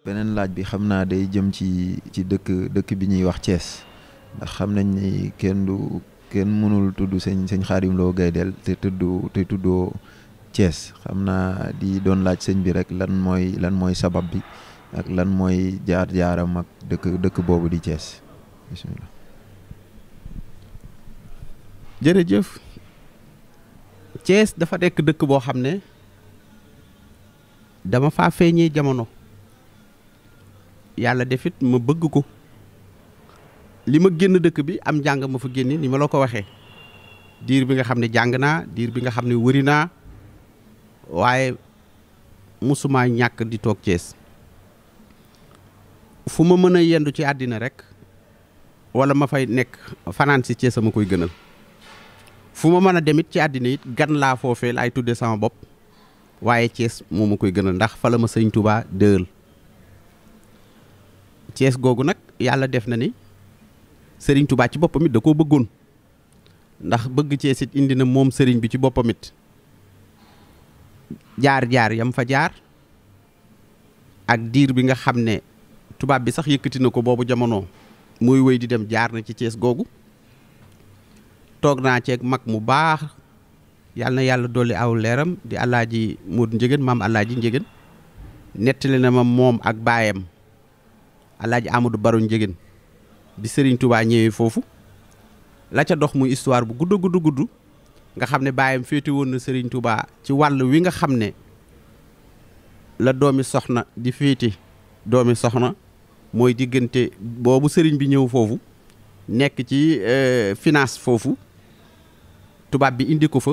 beneen laaj bi xam naa day jëm ci ci dëkk dëkk bi ñuy wax cees ndax xam nañ ni kenn du kenn mënul tudd sëñ sëñ Xaadim Lo Gaydel te tuddoo Thiès xam naa di doon laaj sëñ bi rek lan mooy sabab bi ak lan mooy jaar jaaram ak dëkk boobu di Thiès jërëjëf Thiès dafa nekk dëkk boo xam ne dama faa feeñee jamono. yàlla defit ma bëgg ko li ma génn dëkk bi am jàng ma fa génne ni ma la ko waxee diir bi nga xam ne jàng naa diir bi nga xam ne wëri naa waaye mosumaa ñàkk di toog Cees fu ma mën a yendu ci àddina rek walla ma fay nekk fanaan si Cees ma koy gënal fu ma mën a demit ci àddina yit gan laa foofee laay tudde sama bopp waaye Cees moo ma koy gënal ndax fa ma sëñ Tuubaa dëël Cees googu nag yàlla def na ni sëriñ Touba ci boppam da koo bëggoon ndax bëgg Cees it indi na moom sëriñ bi ci boppamit jaar-jaar yam fa jaar ak diir bi nga xam ne tubaab bi sax yëkkati na ko boobu jamono muy wéy di dem jaar na ci Cees googu toog naa ceeg mag mu baax yàlla na yàlla dolli aw leeram di alaaji Modou Njëgën maam alaaji Njëgën nettali na ma moom ak baayam alaaji Amadou Baro Ndiéguène di sëriñ tubaa ñëwee foofu la ca dox muy histoire bu gudd gudd gudd nga xam ne baayam féete woon na Serigne Touba ci wàll wi nga xam ne la doomi soxna di féete doomi soxna mooy diggante boobu sëriñ bi ñëw foofu nekk ci euh, finance foofu tubaab bi indi ko fa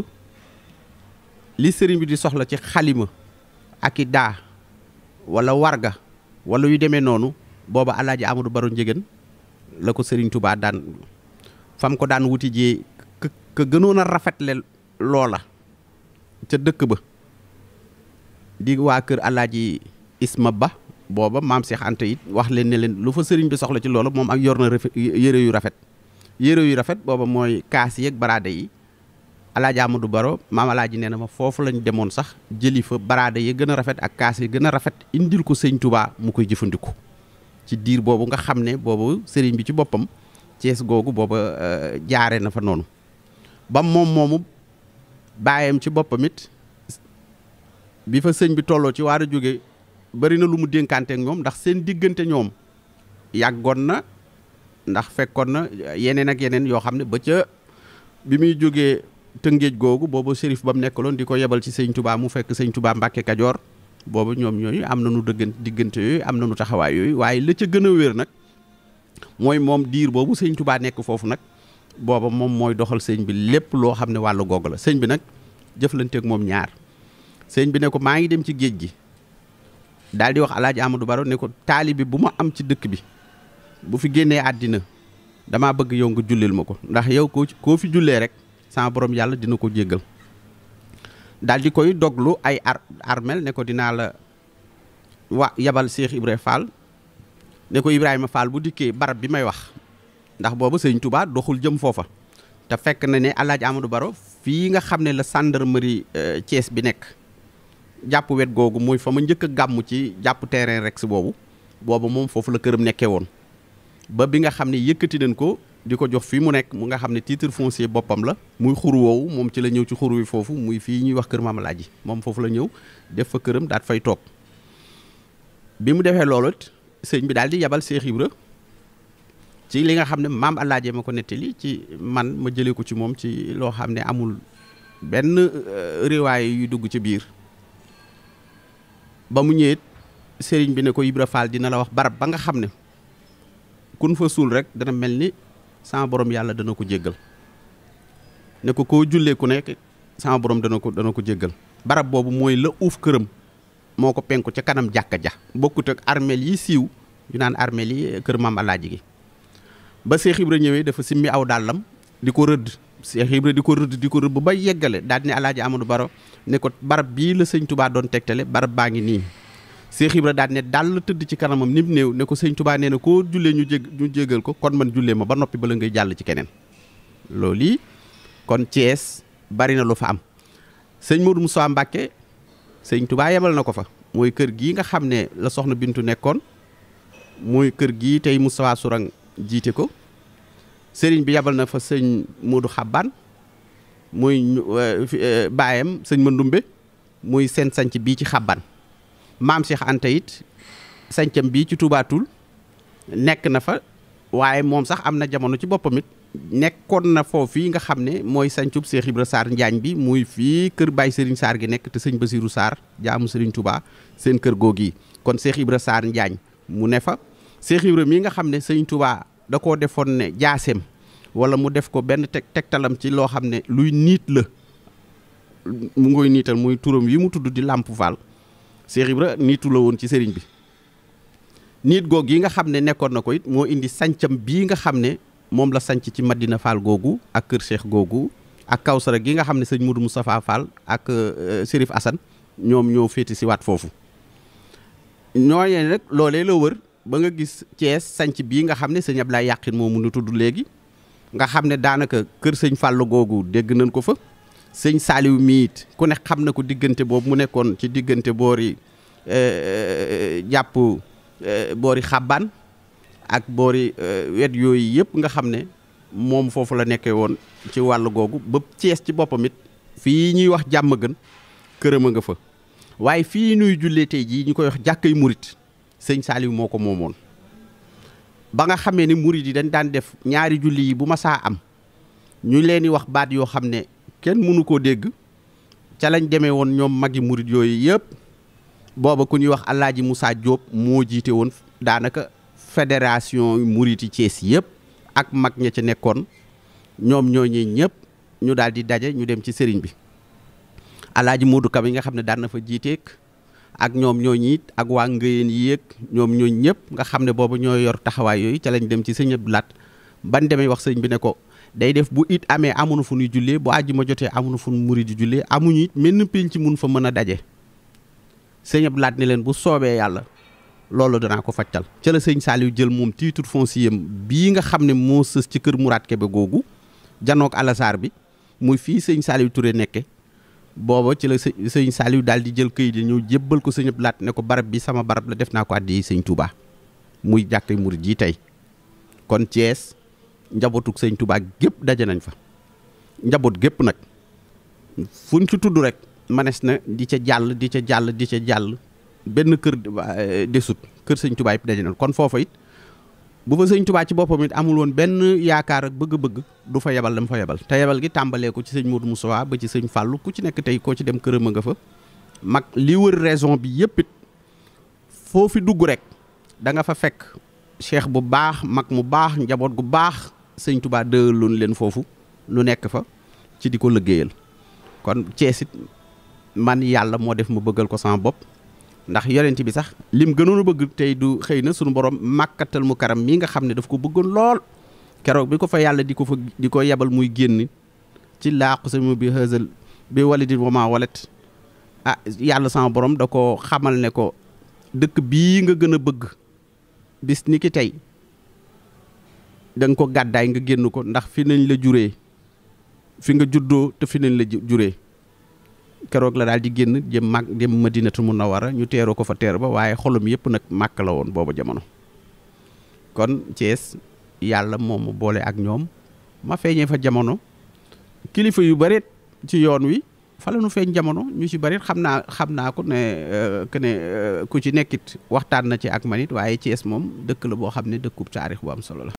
li sëriñ bi di soxla ci xalima ak i daa wala warga wala yu demee noonu booba alaaji du Baro Njëgën la ko sëriñ tubaa daan fam ko daan wuti ji ka gënoon a rafetle loola ca dëkk ba di waa kër alaaji Isma Ba booba maam Cheikh Anta wax leen ne leen lu fa sëriñ bi soxla ci loolu moom ak yor na rafet yére yu rafet yére yu rafet booba mooy kaas yeeg baraade yi alaaji du Baro maam alaaji nee na ma foofu lañ demoon sax jëli fa baraade yi gën a rafet ak kaas yi gën a rafet indil ko sëñ tubaa mu koy jëfandiku. ci diir boobu nga xam ne boobu sëriñ bi ci boppam Cees googu booba euh, jaare na fa noonu ba moom moomu baayam ci boppamit bi fa sëñ bi tolloo ci waar a jóge bari na lu mu dénkante ak ñoom ndax seen diggante ñoom yàggoon na ndax fekkoon na yeneen ak yeneen yoo xam ne ba ca bi muy jógee tëngéej googu boobu sérif ba mu nekkaloon di ko yebal ci sëñ Tubaa mu fekk sëñ Tubaa Mbàkke Kajoor boobu ñoom ñooñu am na nu dëggan diggante yooyu am na nu taxawaay yooyu waaye la ca gën a wér nag mooy moom diir boobu sëñ Tuubaa nekk foofu nag booba moom mooy doxal sëñ bi lépp loo xam ne wàllu googu la sëñ bi nag jëflanteeg moom ñaar sëñ bi ne ko maa ngi dem ci géej gi daal di wax alaaji Amadou Baro ne ko taalibi bu ma am ci dëkk bi bu fi génnee àddina damaa bëgg yow nga jullil ma ko ndax yow koo koo fi jullee rek sama borom yàlla dina ko jéggal daal di koy doglu ay ar armel ne ko dinaa la wa yabal Cheikh Ibrahima Fall ne ko Ibrahima Fall bu dikkee barab bi may wax ndax booba sëñ Touba doxul jëm foofa te fekk na ne El Amadou Baro fii nga xam ne la gendarmerie euh, Thiès bi nekk jàpp wet googu mooy fa ma njëkk a gàmmu ci jàpp rek rex boobu boobu moom foofu la këram nekkee woon ba bi nga xam ne yëkkati nañ ko. di ko jox fii mu nekk mu nga xam ne titre foncier boppam la muy xur woowu moom ci la ñëw ci xur wi foofu muy fii ñuy wax kër Maam Alaaji moom foofu la ñëw def fa këram daat fay toog bi mu defee loolu it sëñ bi daal di yabal Seex Ibra ci li nga xam ne Maam Alaaji ma ko nettali ci man ma jëlee ko ci moom ci loo xam ne amul benn euh, riwaay yu dugg ci biir ba mu ñëwee sëriñ bi ne ko Ibra Fall dina la wax barab ba nga xam ne kun fa suul rek dana mel sama borom yàlla dana ko jéggal ne ko koo jullee ku nekk sama borom dana ko dana ko jéggal barab boobu mooy la uuf këram moo ko penku ca kanam jàkka ja bokkut ak armeel yi siiw ñu naan armeel yi kër maam alaaji gi ba Seex Ibra ñëwee dafa simmi aw dàllam di ko rëdd Seex Ibra di ko rëdd di ko rëdd ba yeggale daal di ne alaaji Amadou Baro ne ko barab bii la sëñ Tubaa doon tegtale barab baa ngi nii Seex Ibra daal ne daal tëdd ci kanamam mu néew ne ko sëñ Tuubaa nee na ko jullee ñu jég ñu jégal ko kon man jullee ma ba noppi bala ngay jàll ci keneen loolu lii kon Thiès bari na lu fa am sëñ Modou Moussa Mbacke sëñ Tuubaa yemal na ko fa mooy kër gii nga xam ne la soxna Bintu nekkoon mooy kër gi tey Moussa Sourang jiite ko sëriñ bi yabal na fa sëñ Modou Xabbaan muy euh, euh, baayam sëñ Mandumbe mooy seen sanc bii ci Xabbaan maam Cheikh Anta it sañcam bii ci tubaatul nekk na fa waaye moom sax am na jamono ci boppamit it nekkoon na foofii nga xam ne mooy sañcub Cheikh Ibra Sarr Njaañ bi muy fii kër Baye sëriñ saar gi nekk te sëñ Basirou saar jaamu sëriñ Touba seen kër googu yi kon Cheikh Ibra Sarr Njaañ mu ne fa Cheikh Ibra mii nga xam ne sëñ Touba da koo defoon ne jaaseem wala mu def ko benn teg tegtalam ci loo xam ne luy niit la mu ngoy niital muy turam yi mu tudd di Lamp Cheikh Ibra niitu la woon ci sëriñ bi niit goog yi nga xam ne nekkoon na ko it moo indi sancam bii nga xam ne moom la sanc ci Madina Fall googu ak Kër Cheikh googu ak Kawsara gi nga xam ne sëñ Modou Moustapha Fall ak Sérif euh, Assane ñoom ñoo féete si waat foofu ñooñee nag loolee la wër ba nga gis Thiès sanc bii nga xam ne sëñ Ablaye Yàqin moomu nu tudd léegi nga xam ne daanaka kër sëñ Fall googu dégg nañ ko fa sëñ Saaliw miit it ku ne xam na ko diggante boobu mu nekkoon ci diggante boori eh, eh, jàpp eh, boori xàbbaan ak boori wet yooyu yëpp nga xam ne moom foofu la nekke woon ci wàll googu ba Cees ci boppamit it fii ñuy wax jàmm gën këram a nga fa waaye fii nuy jullee tey jii ñu koy wax jàkkay murit sëñ Saaliw moo ko moomoon ba nga xamee ni murit yi dañ daan def ñaari julli yi bu ma saa am ñu leen di wax baat yoo xam ne kenn mënu koo dégg ca lañ demee woon ñoom magi murit yooyu yëpp booba ku ñuy wax Alaaji Moussa Diop moo jiite woon daanaka fédération muriti Thiès yëpp ak mag ña ca nekkoon ñoom ñooñu ñëpp ñu daal di daje ñu dem ci sëriñ bi Alaaji Modou yi nga xam ne daan na fa jiiteek ak ñoom ñooñu it ak waa ngëyeen yéeg ñoom ñooñ ñëpp nga xam ne boobu ñoo yor taxawaay yooyu ca lañ dem ci sëñ Abdou Lahat ban demee wax sëriñ bi ne ko day def bu it amee amuñu fu nuy jullee bu àjjuma jotee amuñu fu murid di jullee amuñu it menn pénc mun fa mën a daje sëñ laat Lahad leen bu soobee yàlla loolu danaa ko fajtal ca la sëñ Saliou jël moom titre foncier bii nga xam ne moo sës ci kër Mourad Kébé googu janook alasaar bi muy fii sëñ Saliou Touré nekke booba ci la sëñ Saliou daal di jël këyit yi ñëw jébbal ko sëñ laat ne ko barab bi sama barab la def naa ko àddi yi sëñ Touba muy jàkkay murid yi njabootug sëñ Tuubaa gépp daje nañ fa njaboot gépp nag fuñ ci tudd rek manes na di ca jàll di ca jàll di ca jàll benn kër eh, desut kër sëñ Tuubaa yëpp daje nañ kon foofa it bu fa sëñ Tuubaa ci boppam it amul woon benn yaakaar ak bëgg-bëgg du fa yebal dama fa yebal te yebal gi tàmbalee ko ci sëñ mu Moussa ba ci sëñ Fallou ku ci nekk tey koo ci dem këram a nga fa mag li wër raison bi yëpp it dugg rek danga fa fekk cheikh bu baax mag mu baax njaboot gu baax sëñ tubaa dëgëloon leen foofu lu nekk fa ci di ko liggéeyal kon ceesit it man yàlla moo def ma bëggal ko sama bopp ndax yonent bi sax lim gënoon a bëgg tey du xëy na sunu borom màkkatal mu karam mii nga xam ne daf ko bëggoon lool keroog bi ko fa yàlla di ko fa di ko yebal muy génn ci laaqu sama bi xësal bi walidin wa maa walet ah yàlla sama borom da ko xamal ne ko dëkk bii nga gën a bëgg bis ni ki tey danga ko gàddaay nga génn ko ndax fi nañ la juree fi nga juddoo te fi nañ la juree keroog la daal di génn jëm màg jëm madinatu munawara ñu teeroo ko fa teer ba waaye xolum yëpp nag màkk la woon boobu jamono kon Thiès yàlla moom mu boole ak ñoom ma feeñee fa jamono kilifa yu bëri ci yoon wi fa la nu feeñ jamono ñu ci bëri xam naa xam naa ko ne euh, que ne euh, ku ci nekkit waxtaan na ci ak manit waaye Thiès moom dëkk la boo xam ne dëkkub taarix bu am solo la